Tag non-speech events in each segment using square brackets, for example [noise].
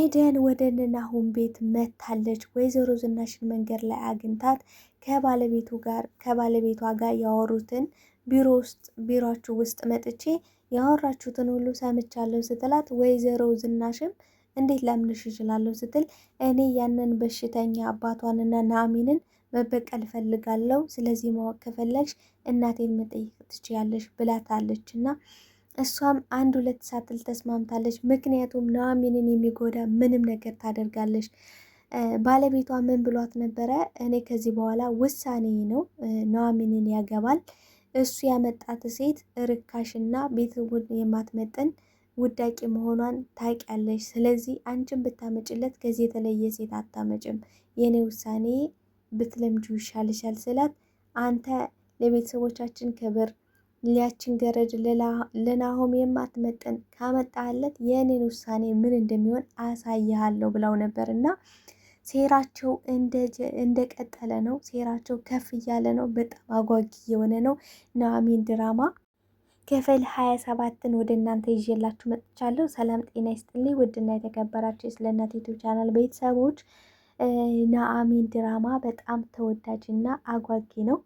ኤደን ወደ ናሁም ቤት መታለች። ወይዘሮ ዝናሽን መንገድ ላይ አግኝታት ከባለቤቱ ጋር ከባለቤቷ ጋር ያወሩትን ቢሮ ውስጥ ቢሮችሁ ውስጥ መጥቼ ያወራችሁትን ሁሉ ሰምቻለሁ ስትላት ወይዘሮ ዝናሽም እንዴት ላምንሽ እችላለሁ ስትል እኔ ያንን በሽተኛ አባቷንና ናሚንን መበቀል እፈልጋለሁ። ስለዚህ ማወቅ ከፈለግሽ እናቴን መጠየቅ ትችያለሽ ብላታለች እና እሷም አንድ ሁለት ሳትል ተስማምታለች። ምክንያቱም ኑሐሚንን የሚጎዳ ምንም ነገር ታደርጋለች። ባለቤቷ ምን ብሏት ነበረ? እኔ ከዚህ በኋላ ውሳኔ ነው ኑሐሚንን ያገባል እሱ ያመጣት ሴት ርካሽና ቤተሰቡን የማትመጥን ውዳቂ መሆኗን ታውቂያለሽ። ስለዚህ አንቺን ብታመጭለት ከዚህ የተለየ ሴት አታመጭም። የእኔ ውሳኔ ብትለምጁ ይሻልሻል ስላት አንተ ለቤተሰቦቻችን ክብር ሊያችን ገረድ ለናሆም የማትመጥን ካመጣለት የእኔን ውሳኔ ምን እንደሚሆን አሳይሃለሁ ብለው ነበር እና ሴራቸው እንደቀጠለ ነው። ሴራቸው ከፍ እያለ ነው። በጣም አጓጊ የሆነ ነው። ኑሐሚን ድራማ ክፍል ሀያ ሰባትን ወደ እናንተ ይዤላችሁ መጥቻለሁ። ሰላም ጤና ይስጥልኝ ውድና የተከበራችሁ ስለ እናት ዩቱብ ቻናል ቤተሰቦች ኑሐሚን ድራማ በጣም ተወዳጅና አጓጊ ነው።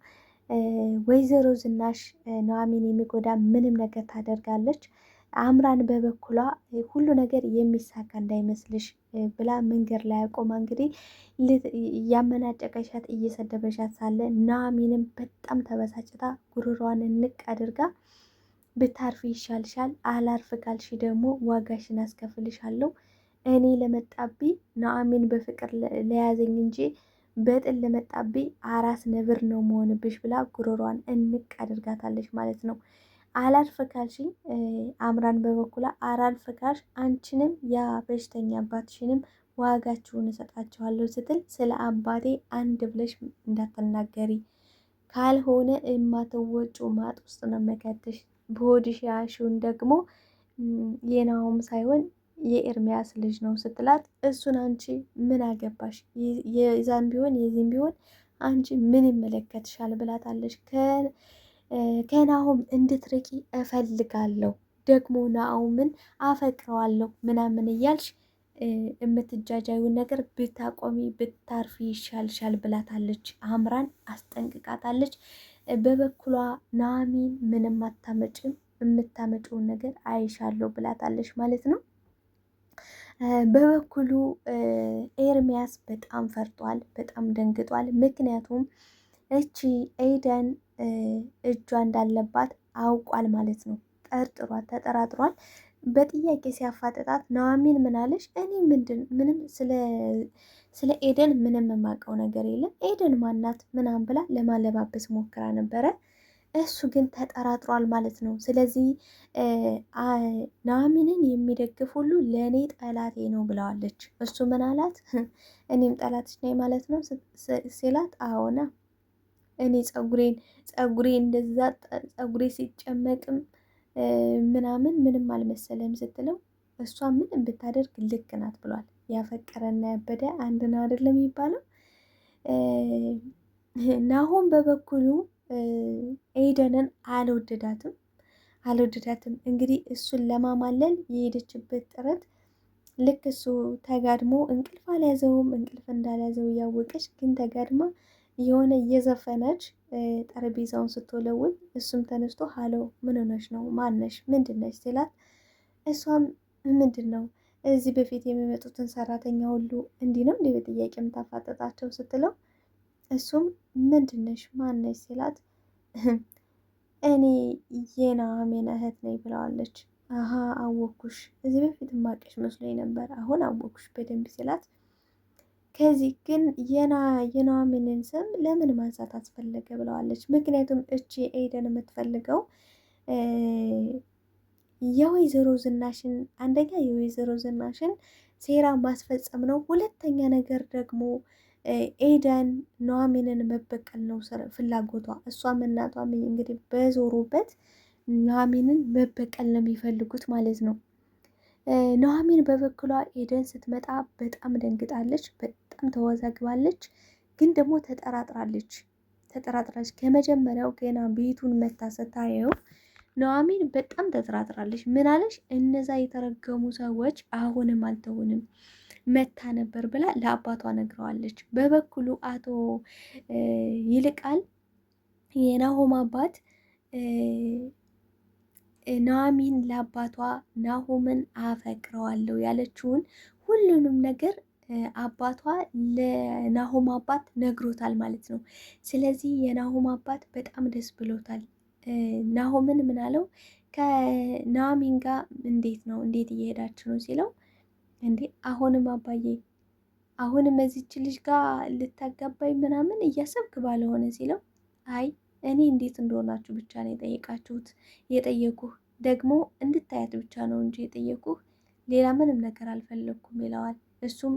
ወይዘሮ ዝናሽ ኑሐሚን የሚጎዳ ምንም ነገር ታደርጋለች። አምራን በበኩሏ ሁሉ ነገር የሚሳካ እንዳይመስልሽ ብላ መንገድ ላይ አቆማ እንግዲህ እያመናጨቀሻት እየሰደበሻት ሳለ ኑሐሚንም በጣም ተበሳጭታ ጉሮሯን ንቅ አድርጋ ብታርፊ ይሻልሻል፣ አላርፍ ካልሽ ደግሞ ዋጋሽን አስከፍልሻለሁ። እኔ ለመጣቢ ኑሐሚን በፍቅር ለያዘኝ እንጂ በጥል ለመጣብኝ አራስ ነብር ነው መሆንብሽ ብላ ጉሮሯን እንቅ አድርጋታለች ማለት ነው። አላልፍ ካልሽኝ አምራን በበኩላ አላልፍ ካልሽ አንቺንም ያ በሽተኛ አባትሽንም ዋጋችሁን እሰጣችኋለሁ ስትል ስለ አባቴ አንድ ብለሽ እንዳትናገሪ ካልሆነ የማትወጩ ማጥ ውስጥ ነው መከትሽ በሆድሽ ያሽውን ደግሞ የናውም ሳይሆን የኤርሚያስ ልጅ ነው ስትላት፣ እሱን አንቺ ምን አገባሽ? የዛን ቢሆን የዚህም ቢሆን አንቺ ምን ይመለከትሻል? ብላታለች። ከናሁም እንድትርቂ እፈልጋለሁ፣ ደግሞ ናሁምን አፈቅረዋለሁ ምናምን እያልሽ የምትጃጃዩን ነገር ብታቆሚ ብታርፊ ይሻልሻል ብላታለች። አምራን አስጠንቅቃታለች። በበኩሏ ናሚን ምንም አታመጭም፣ የምታመጪውን ነገር አይሻለሁ ብላታለች ማለት ነው። በበኩሉ ኤርሚያስ በጣም ፈርጧል፣ በጣም ደንግጧል። ምክንያቱም እቺ ኤደን እጇ እንዳለባት አውቋል ማለት ነው። ጠርጥሯል፣ ተጠራጥሯል። በጥያቄ ሲያፋጥጣት ነዋሚን ምናለሽ? እኔ ምንድን ምንም ስለ ኤደን ምንም የማውቀው ነገር የለም ኤደን ማናት ምናምን ብላ ለማለባበስ ሞክራ ነበረ። እሱ ግን ተጠራጥሯል ማለት ነው። ስለዚህ ኑሐሚንን የሚደግፍ ሁሉ ለእኔ ጠላቴ ነው ብለዋለች። እሱ ምን አላት? [laughs] እኔም ጠላትች ነኝ ማለት ነው ሲላት አዎና እኔ ጸጉሬን ጸጉሬ እንደዛ ጸጉሬ ሲጨመቅም ምናምን ምንም አልመሰለም ስትለው እሷ ምንም ብታደርግ ልክ ናት ብሏል። ያፈቀረና ያበደ አንድ ነው አይደለም የሚባለው። ናሆም በበኩሉ ኤደንን አልወደዳትም አልወደዳትም። እንግዲህ እሱን ለማማለል የሄደችበት ጥረት ልክ እሱ ተጋድሞ እንቅልፍ አልያዘውም። እንቅልፍ እንዳልያዘው እያወቀች ግን ተጋድማ የሆነ እየዘፈነች ጠረጴዛውን ስትወለውል እሱም ተነስቶ ሀሎ ምን ሆነሽ ነው? ማነሽ? ምንድነሽ? ስላት እሷም ምንድን ነው እዚህ በፊት የሚመጡትን ሰራተኛ ሁሉ እንዲህ ነው እንዲህ በጥያቄ የምታፋጠጣቸው ስትለው እሱም ምንድነሽ ማነሽ ሲላት እኔ የኑሃሚን እህት ነኝ ብለዋለች። አሀ አወኩሽ፣ እዚህ በፊት ማቀሽ መስሎኝ ነበር፣ አሁን አወኩሽ በደንብ ሲላት ከዚህ ግን የኑሃሚንን ስም ለምን ማንሳት አስፈለገ ብለዋለች። ምክንያቱም እቺ ኤደን የምትፈልገው የወይዘሮ ዝናሽን አንደኛ የወይዘሮ ዝናሽን ሴራ ማስፈጸም ነው። ሁለተኛ ነገር ደግሞ ኤደን ኑሐሚንን መበቀል ነው ፍላጎቷ። እሷም እናቷም እንግዲህ በዞሩበት ኑሐሚንን መበቀል ነው የሚፈልጉት ማለት ነው። ኑሐሚን በበኩሏ ኤደን ስትመጣ በጣም ደንግጣለች፣ በጣም ተወዛግባለች። ግን ደግሞ ተጠራጥራለች ተጠራጥራለች ከመጀመሪያው ገና ቤቱን መታ ስታየው ኑሐሚን በጣም ተጠራጥራለች። ምን አለች? እነዛ የተረገሙ ሰዎች አሁንም አልተውንም መታ ነበር ብላ ለአባቷ ነግረዋለች። በበኩሉ አቶ ይልቃል የናሆም አባት ኑሐሚን ለአባቷ ናሆምን አፈቅረዋለሁ ያለችውን ሁሉንም ነገር አባቷ ለናሆም አባት ነግሮታል ማለት ነው። ስለዚህ የናሆም አባት በጣም ደስ ብሎታል። ናሆምን ምናለው ከኑሐሚን ጋር እንዴት ነው እንዴት እየሄዳችሁ ነው ሲለው እንዴ አሁንም አባዬ አሁንም እዚች ልጅ ጋር ልታጋባኝ ምናምን እያሰብክ ባለሆነ ሲለው አይ እኔ እንዴት እንደሆናችሁ ብቻ ነው የጠየቃችሁት የጠየቁህ ደግሞ እንድታያት ብቻ ነው እንጂ የጠየቁህ ሌላ ምንም ነገር አልፈለግኩም ይለዋል። እሱም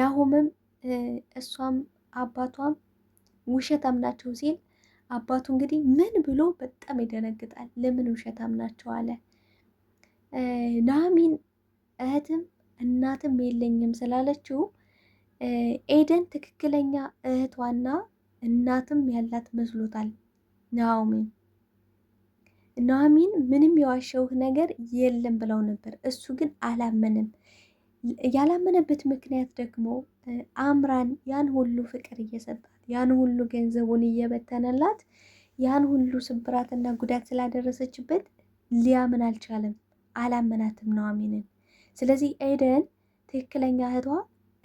ናሆምም እሷም አባቷም ውሸታም ናቸው ሲል አባቱ እንግዲህ ምን ብሎ በጣም ይደነግጣል። ለምን ውሸታም ናቸው አለ ናሚን እህትም እናትም የለኝም ስላለችው ኤደን ትክክለኛ እህቷና እናትም ያላት መስሎታል። ኑሃሚን ኑሃሚን ምንም የዋሸውህ ነገር የለም ብለው ነበር። እሱ ግን አላመነም። ያላመነበት ምክንያት ደግሞ አምራን ያን ሁሉ ፍቅር እየሰጣት ያን ሁሉ ገንዘቡን እየበተነላት ያን ሁሉ ስብራትና ጉዳት ስላደረሰችበት ሊያምን አልቻለም። አላመናትም ኑሃሚንን ስለዚህ ኤደን ትክክለኛ እህቷ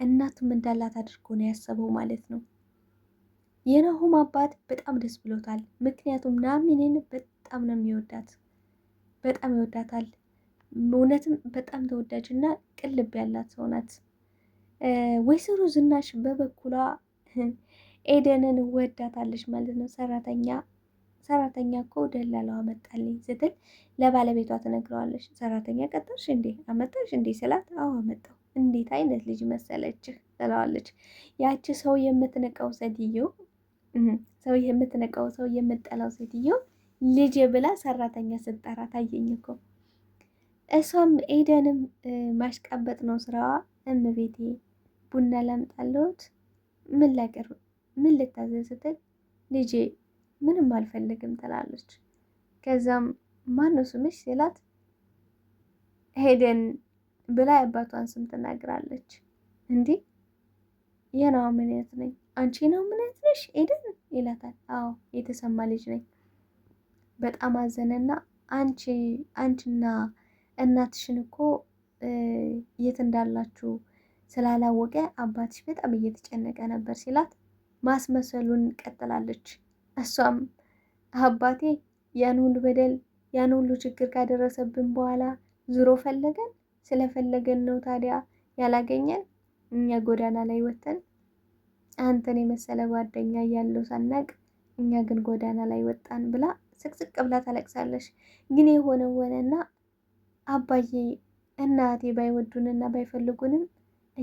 እናቱም እንዳላት አድርጎ ነው ያሰበው ማለት ነው። የናሆም አባት በጣም ደስ ብሎታል። ምክንያቱም ናሚንን በጣም ነው የሚወዳት፣ በጣም ይወዳታል። እውነትም በጣም ተወዳጅ እና ቅልብ ያላት ሰው ናት። ወይዘሮ ዝናሽ በበኩሏ ኤደንን ወዳታለች ማለት ነው ሰራተኛ ሰራተኛ እኮ ደላላው አመጣልኝ ስትል ለባለቤቷ ትነግረዋለች። ሰራተኛ ቀጠርሽ እንዴ አመጣሽ እንዴ ስላት አዎ አመጣው። እንዴት አይነት ልጅ መሰለችህ ትለዋለች። ያቺ ሰው የምትንቀው ሴትዮ ሰው የምትንቀው ሰው የምጠላው ሴትዮ ልጅ ብላ ሰራተኛ ስትጠራ ታየኝ እኮ እሷም ኤደንም ማሽቀበጥ ነው ስራዋ። እምቤቴ ቡና ላምጣልዎት? ምን ላቅርብ? ምን ልታዘዝ ስትል ልጄ ምንም አልፈልግም ትላለች። ከዛም ማነው ስምሽ ሲላት ሄደን ብላ አባቷን ስም ትናግራለች። እንዲህ የናው ምንት ነኝ። አንቺ ነው እህት ነሽ ሄደን ይላታል። አዎ የተሰማ ልጅ ነኝ። በጣም አዘነና አንቺ አንቺና እናትሽን እኮ የት እንዳላችሁ ስላላወቀ አባትሽ በጣም እየተጨነቀ ነበር ሲላት ማስመሰሉን ቀጥላለች። እሷም አባቴ ያን ሁሉ በደል ያን ሁሉ ችግር ካደረሰብን በኋላ ዙሮ ፈለገን ስለፈለገን ነው ታዲያ ያላገኘን እኛ ጎዳና ላይ ወጥተን አንተን የመሰለ ጓደኛ እያለው ሳናቅ እኛ ግን ጎዳና ላይ ወጣን ብላ ስቅስቅ ብላ ታለቅሳለች። ግን የሆነ ሆነና አባዬ እናቴ ባይወዱንና ባይፈልጉንም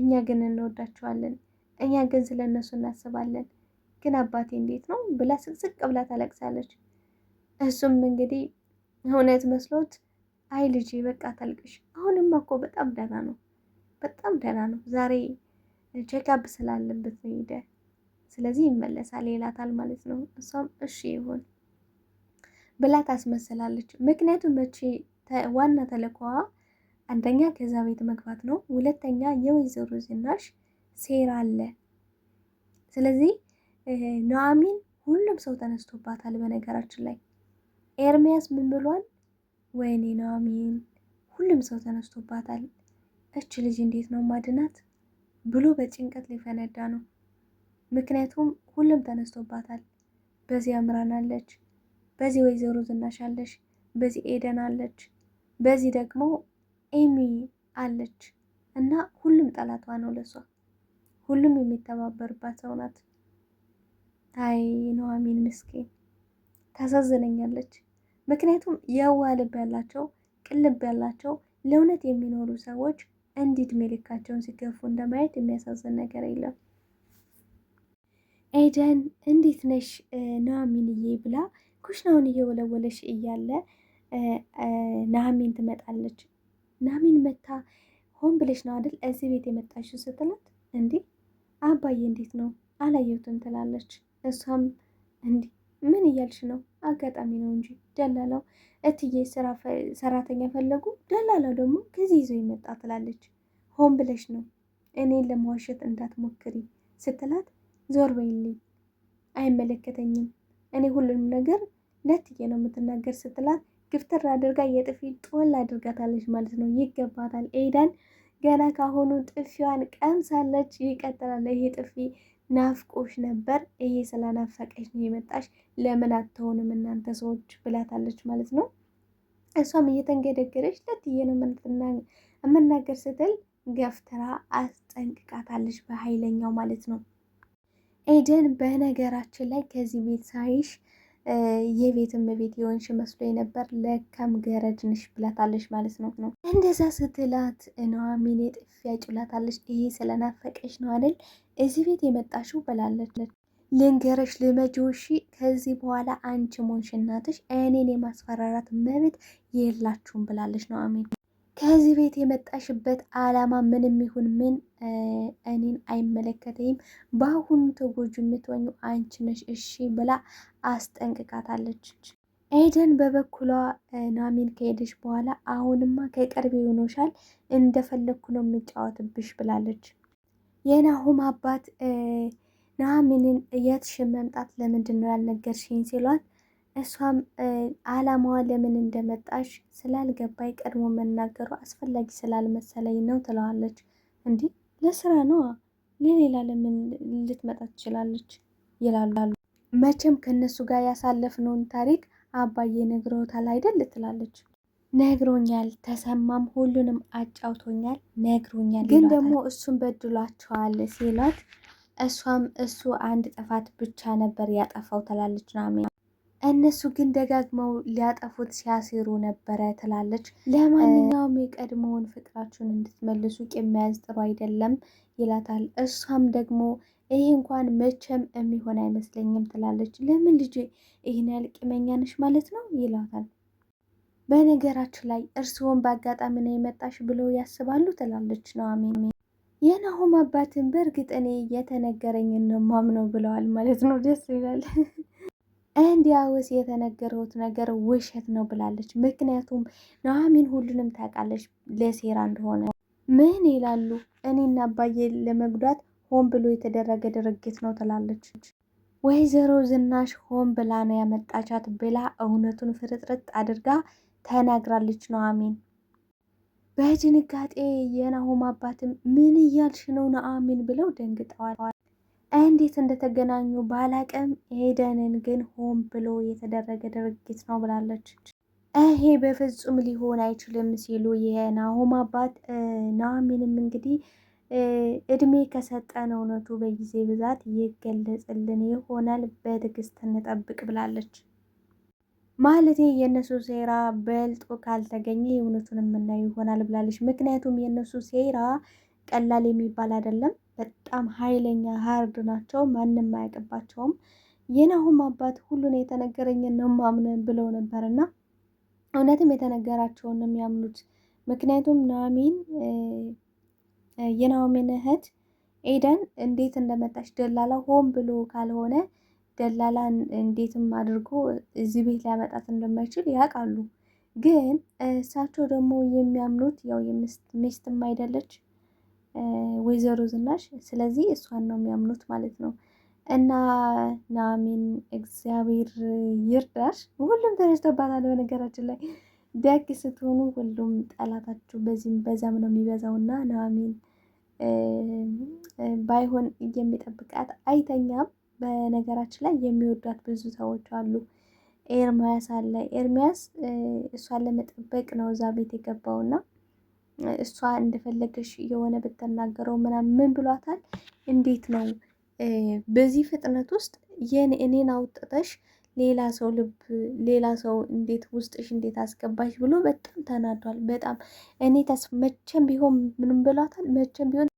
እኛ ግን እንወዳቸዋለን። እኛ ግን ስለ እነሱ እናስባለን። ግን አባቴ እንዴት ነው ብላ ስቅስቅ ብላ ታለቅሳለች። እሱም እንግዲህ እውነት መስሎት አይ ልጄ በቃ ታልቅሽ፣ አሁንማ እኮ በጣም ደህና ነው፣ በጣም ደህና ነው። ዛሬ ቼክአፕ ስላለበት ነው ሄደ፣ ስለዚህ ይመለሳል ይላታል ማለት ነው። እሷም እሺ ይሁን ብላ ታስመስላለች። ምክንያቱም መቼ ዋና ተልእኮዋ አንደኛ ከዛ ቤት መግባት ነው፣ ሁለተኛ የወይዘሮ ዝናሽ ሴራ አለ። ስለዚህ ኑሐሚን ሁሉም ሰው ተነስቶባታል። በነገራችን ላይ ኤርሚያስ ምን ብሏል? ወይኔ ኑሐሚን ሁሉም ሰው ተነስቶባታል፣ እች ልጅ እንዴት ነው ማድናት ብሎ በጭንቀት ሊፈነዳ ነው። ምክንያቱም ሁሉም ተነስቶባታል። በዚህ አምራን አለች፣ በዚህ ወይዘሮ ዝናሽ አለች፣ በዚህ ኤደን አለች፣ በዚህ ደግሞ ኤሚ አለች እና ሁሉም ጠላቷ ነው ለሷ። ሁሉም የሚተባበርባት ሰው ናት። ታይ ኑሐሚን ምስኪን ታሳዝነኛለች። ምክንያቱም የዋ ልብ ያላቸው ቅልብ ልብ ያላቸው ለእውነት የሚኖሩ ሰዎች እንዲት ሜልካቸውን ሲገፉ እንደማየት የሚያሳዝን ነገር የለም። ኤደን እንዴት ነሽ ኑሐሚንዬ ብላ ኩሽናውን እየወለወለሽ እያለ ኑሐሚን ትመጣለች። ኑሐሚን መታ ሆን ብለሽ ነው አይደል እዚህ ቤት የመጣችው ስትላት፣ እንዴ አባዬ እንዴት ነው አላየሁትም ትላለች። እሷም እንዲህ ምን እያልሽ ነው? አጋጣሚ ነው እንጂ ደላላው እትዬ ሰራተኛ ፈለጉ፣ ደላላው ደግሞ ከዚህ ይዞ ይመጣ ትላለች። ሆን ብለሽ ነው እኔን ለመዋሸት እንዳትሞክሪ ስትላት፣ ዞር በይልኝ አይመለከተኝም፣ እኔ ሁሉንም ነገር ለትዬ ነው የምትናገር ስትላት፣ ግፍትር አድርጋ የጥፊ ጦል አድርጋታለች ማለት ነው። ይገባታል። ኤዳን ገና ካሁኑ ጥፊዋን ቀምሳለች። ይቀጥላል ይሄ ጥፊ ናፍቆሽ ነበር፣ ይሄ ስለናፈቀሽ ነው የመጣሽ፣ ለምን አትሆንም እናንተ ሰዎች ብላታለች ማለት ነው። እሷም እየተንገደገደች ለትዬ ነው የምናገር ስትል ገፍትራ አስጠንቅቃታለች በኃይለኛው ማለት ነው። ኤደን በነገራችን ላይ ከዚህ ቤት ሳይሽ የቤት እመቤት የሆንሽ መስሎኝ ነበር ለካም ገረድ ነሽ ብላታለች ማለት ነው ነው እንደዛ ስትላት ኑሐሚን የጥፊ ያጭላታለች። ይሄ ስለናፈቀሽ ነው አይደል እዚህ ቤት የመጣሽው ብላለች። ልንገረሽ ልመጆሺ ከዚህ በኋላ አንቺ ሞንሽ እናትሽ እኔን የማስፈራራት መብት የላችሁም ብላለች ኑሐሚን ከዚህ ቤት የመጣሽበት አላማ ምንም ይሁን ምን እኔን አይመለከተኝም። በአሁኑ ተጎጂ የምትሆኙ አንቺ ነሽ እሺ ብላ አስጠንቅቃታለች። ኤደን በበኩሏ ናሚን ከሄደች በኋላ አሁንማ ከቅርብ ይሆኖሻል እንደፈለግኩ ነው የምጫወትብሽ ብላለች። የናሁም አባት ናሚንን የትሽን መምጣት ለምንድን ነው ያልነገርሽኝ ሲሏት እሷም አላማዋ ለምን እንደመጣሽ ስላልገባኝ ቀድሞ መናገሩ አስፈላጊ ስላልመሰለኝ ነው ትለዋለች። እንዲህ ለስራ ነዋ ለሌላ ለምን ልትመጣ ትችላለች? ይላሉ። መቼም ከእነሱ ጋር ያሳለፍነውን ታሪክ አባዬ ነግሮታል አይደል ትላለች። ነግሮኛል፣ ተሰማም ሁሉንም አጫውቶኛል፣ ነግሮኛል ግን ደግሞ እሱን በድሏቸዋል ሲሏት እሷም እሱ አንድ ጥፋት ብቻ ነበር ያጠፋው ትላለች ናሚ እነሱ ግን ደጋግመው ሊያጠፉት ሲያሴሩ ነበረ ትላለች። ለማንኛውም የቀድሞውን ፍቅራችሁን እንድትመልሱ ቂም መያዝ ጥሩ አይደለም ይላታል። እሷም ደግሞ ይህ እንኳን መቼም የሚሆን አይመስለኝም ትላለች። ለምን ልጄ ይህን ያህል ቂመኛ ነሽ ማለት ነው ይላታል። በነገራችሁ ላይ እርስዎን በአጋጣሚ ነው የመጣሽ ብለው ያስባሉ ትላለች ኑሃሚን። የናሆም አባትን በእርግጥ እኔ ነው ማምነው ብለዋል ማለት ነው። ደስ ይላል። እንዲያውስ የተነገረውት ነገር ውሸት ነው ብላለች። ምክንያቱም ኑሐሚን ሁሉንም ታውቃለች ለሴራ እንደሆነ። ምን ይላሉ? እኔና አባዬ ለመጉዳት ሆን ብሎ የተደረገ ድርጊት ነው ትላለች። ወይዘሮ ዝናሽ ሆን ብላ ነው ያመጣቻት ብላ እውነቱን ፍርጥርጥ አድርጋ ተናግራለች ኑሐሚን። በድንጋጤ የናሆም አባትም ምን እያልሽ ነው ኑሐሚን ብለው ደንግጠዋል። እንዴት እንደተገናኙ ባላቅም ኤደንን ግን ሆን ብሎ የተደረገ ድርጊት ነው ብላለች። ይሄ በፍጹም ሊሆን አይችልም ሲሉ የናሆም አባት ናሚንም እንግዲህ እድሜ ከሰጠን እውነቱ በጊዜ ብዛት ይገለጽልን ይሆናል፣ በትዕግስት እንጠብቅ ብላለች። ማለቴ የእነሱ ሴራ በልጦ ካልተገኘ እውነቱን የምናየው ይሆናል ብላለች። ምክንያቱም የእነሱ ሴራ ቀላል የሚባል አይደለም። በጣም ኃይለኛ ሀርድ ናቸው። ማንም አያውቅባቸውም። የናሁም አባት ሁሉን የተነገረኝን ነው ማምነን ብለው ነበር እና እውነትም የተነገራቸውን ነው የሚያምኑት። ምክንያቱም ናሚን የናሆምን እህት ኤደን እንዴት እንደመጣች ደላላ ሆን ብሎ ካልሆነ ደላላ እንዴትም አድርጎ እዚህ ቤት ሊያመጣት እንደማይችል ያውቃሉ። ግን እሳቸው ደግሞ የሚያምኑት ያው ሚስትም አይደለች ወይዘሮ ዝናሽ። ስለዚህ እሷን ነው የሚያምኑት ማለት ነው። እና ናሚን እግዚአብሔር ይርዳሽ። ሁሉም ተነስቶባታል። በነገራችን ላይ ደግ ስትሆኑ ሁሉም ጠላታችሁ በዚህም በዛም ነው የሚበዛው። እና ናሚን ባይሆን የሚጠብቃት አይተኛም። በነገራችን ላይ የሚወዷት ብዙ ሰዎች አሉ። ኤርሚያስ አለ። ኤርሚያስ እሷን ለመጠበቅ ነው እዛ ቤት የገባውና እሷ እንደፈለገሽ የሆነ ብትናገረው ምናምን ምን ብሏታል? እንዴት ነው በዚህ ፍጥነት ውስጥ እኔን አውጥተሽ ሌላ ሰው ልብ ሌላ ሰው እንዴት ውስጥሽ እንዴት አስገባሽ ብሎ በጣም ተናዷል። በጣም እኔ ተስ መቼም ቢሆን ምንም ብሏታል። መቼም ቢሆን